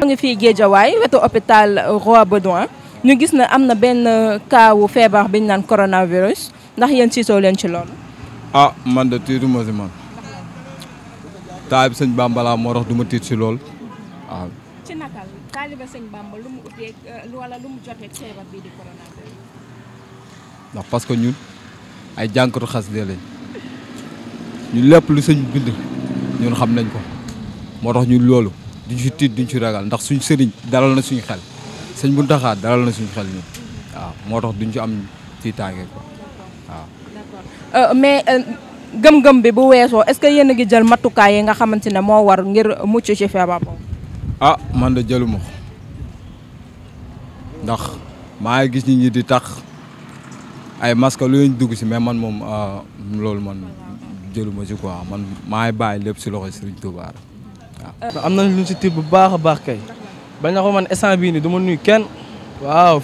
fi fii Géejawaay wetu hôpital Roi Baudouin ñu gis na am na benn kaawu feebar bi ñu naan coronavirus ndax yéen siisoo leen ci loolu. ah man de tiituma si man taalibe sëñ Bamba laa moo tax du tiit si loolu waaw. Ah. ci nakal taalibe sëñ Bamba lu mu ubbee wala lu mu feebar bii di coronavirus. ndax parce que ay khas de lañ ñu lepp lu sëñ bind ñun xam nañ ko mo tax ñu lolu duñ ci tit duñ ci ragal ndax suñ sëriñ dalal na suñ xel sëñ bu taxaa dalal na suñ xel ñu wa mo tax duñ ci am tiitaange quoi euh mais euh, gëm-gëm bi bu wéso est ce que yeen gi jël matukaay yi nga xamante mo war ngir muccu ci feebar boobu. ah man da jëluma ndax maa gis nit ñi di tax. ay masque lu ñu dugg si mais man moom ah, loolu man jëluma si quoi man maay bàyyi lépp si loxo Serigne Touba waaw. am nañ lu bu baax a baax kay bañ na ko man instant bii nii du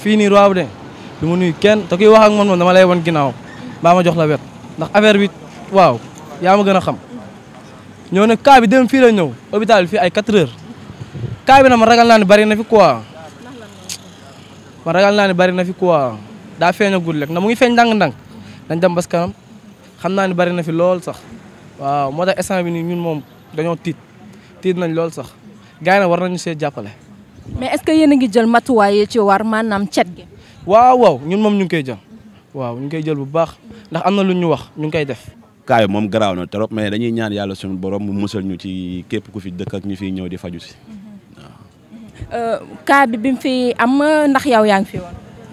fii nii Roi Baudouin du ma nuyu kenn te kuy wax ak man moom dama lay wan ginnaaw baa ma jox la wet ndax affaire bi waaw yaa ma gën a xam ñoo ne cas bi fii la ñëw hôpital bi fii ay 4 heures cas bi na ma na fi naa ne bari na fi daa feeñagul rek na mu ngi feeñ ndànk-ndànk dañ dem bas xam naa ne bari na fi lool sax waaw moo tax instant bi nii ñun moom dañoo tiit tiit nañ lool sax gars war na ñu see jàppale. mais est-ce que ngi jël matuwaay yi ci war maanaam cet gi. waaw waaw ñun moom ñu ngi koy jël waaw ñu ngi koy jël bu baax ndax am na lu ñu wax ñu ngi koy def. kaayo moom garaaw na trop mais dañuy ñaan yàlla suñu borom mu musal ñu ci képp ku fi dëkk ak ñu fiy ñëw di faju si. waaw. Euh, kaa bi bi fi am ndax yow yaa ngi fi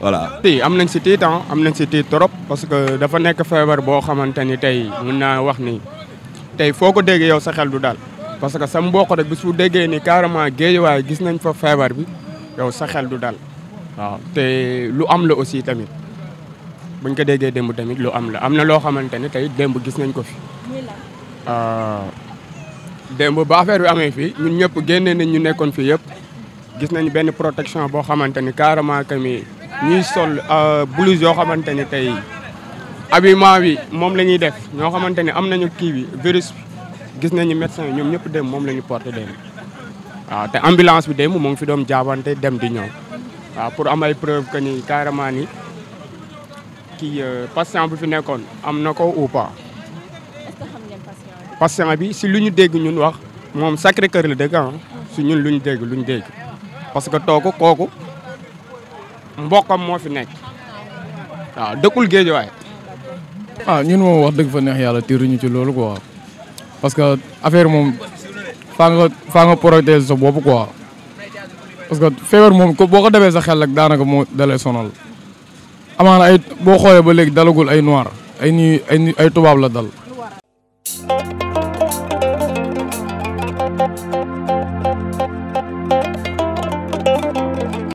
voilà. tey am nañ si tiit ah, am nañ si tiit trop parce que dafa nekk feebar boo xamante ni tey mun naa wax ni tey foo ko déggee yow sa xel du daal parce que sa mbokk rek bi su déggee ni géej géejuwaay gis nañ fa feebar bi yow sa xel du daal waaw te lu am la aussi tamit buñ ko déggee démb tamit lu am la am na loo xamante ni tey démb gis nañ ko fi. Ah, demb ba affaire bi amee fii ñun ñëpp génnee nañ ñu nekkoon fii yëpp gis nañ benn protection boo xamante ni carrément que mi ñuy sol euh, blouse yoo xamante ni tey habillement bi moom la ñuy def ñoo xamante ni am nañu kii bi virus gis nañu médecin ñoom ñëpp dem moom lañu ñu porté dem waaw te ambulance bi démb mu ngi fi doom jaabante dem di ñëw waaw pour am ay preuve que ni carrément ni kii euh, patient bu fi nekkoon am na ko ou pas. patient bi si lu ñu dégg ñun wax moom Sacré-Cœur la dëgg ah. si ñun lu ñu dégg lu ñu dégg parce que toog kooku. mbokkam moo fi nekk waaw dëkkul géejawaay ah ñun moom wax dëgg fa neex yàlla tiruñu ci loolu quoi parce que affaire moom faa nga faa nga protéger sa bopp quoi parce que feebar moom boo ko demee sa xel rek daanaka moo dalay sonal amaana ay boo xoolee ba léegi dalagul ay noir ay nii ay ay tubaab la dal.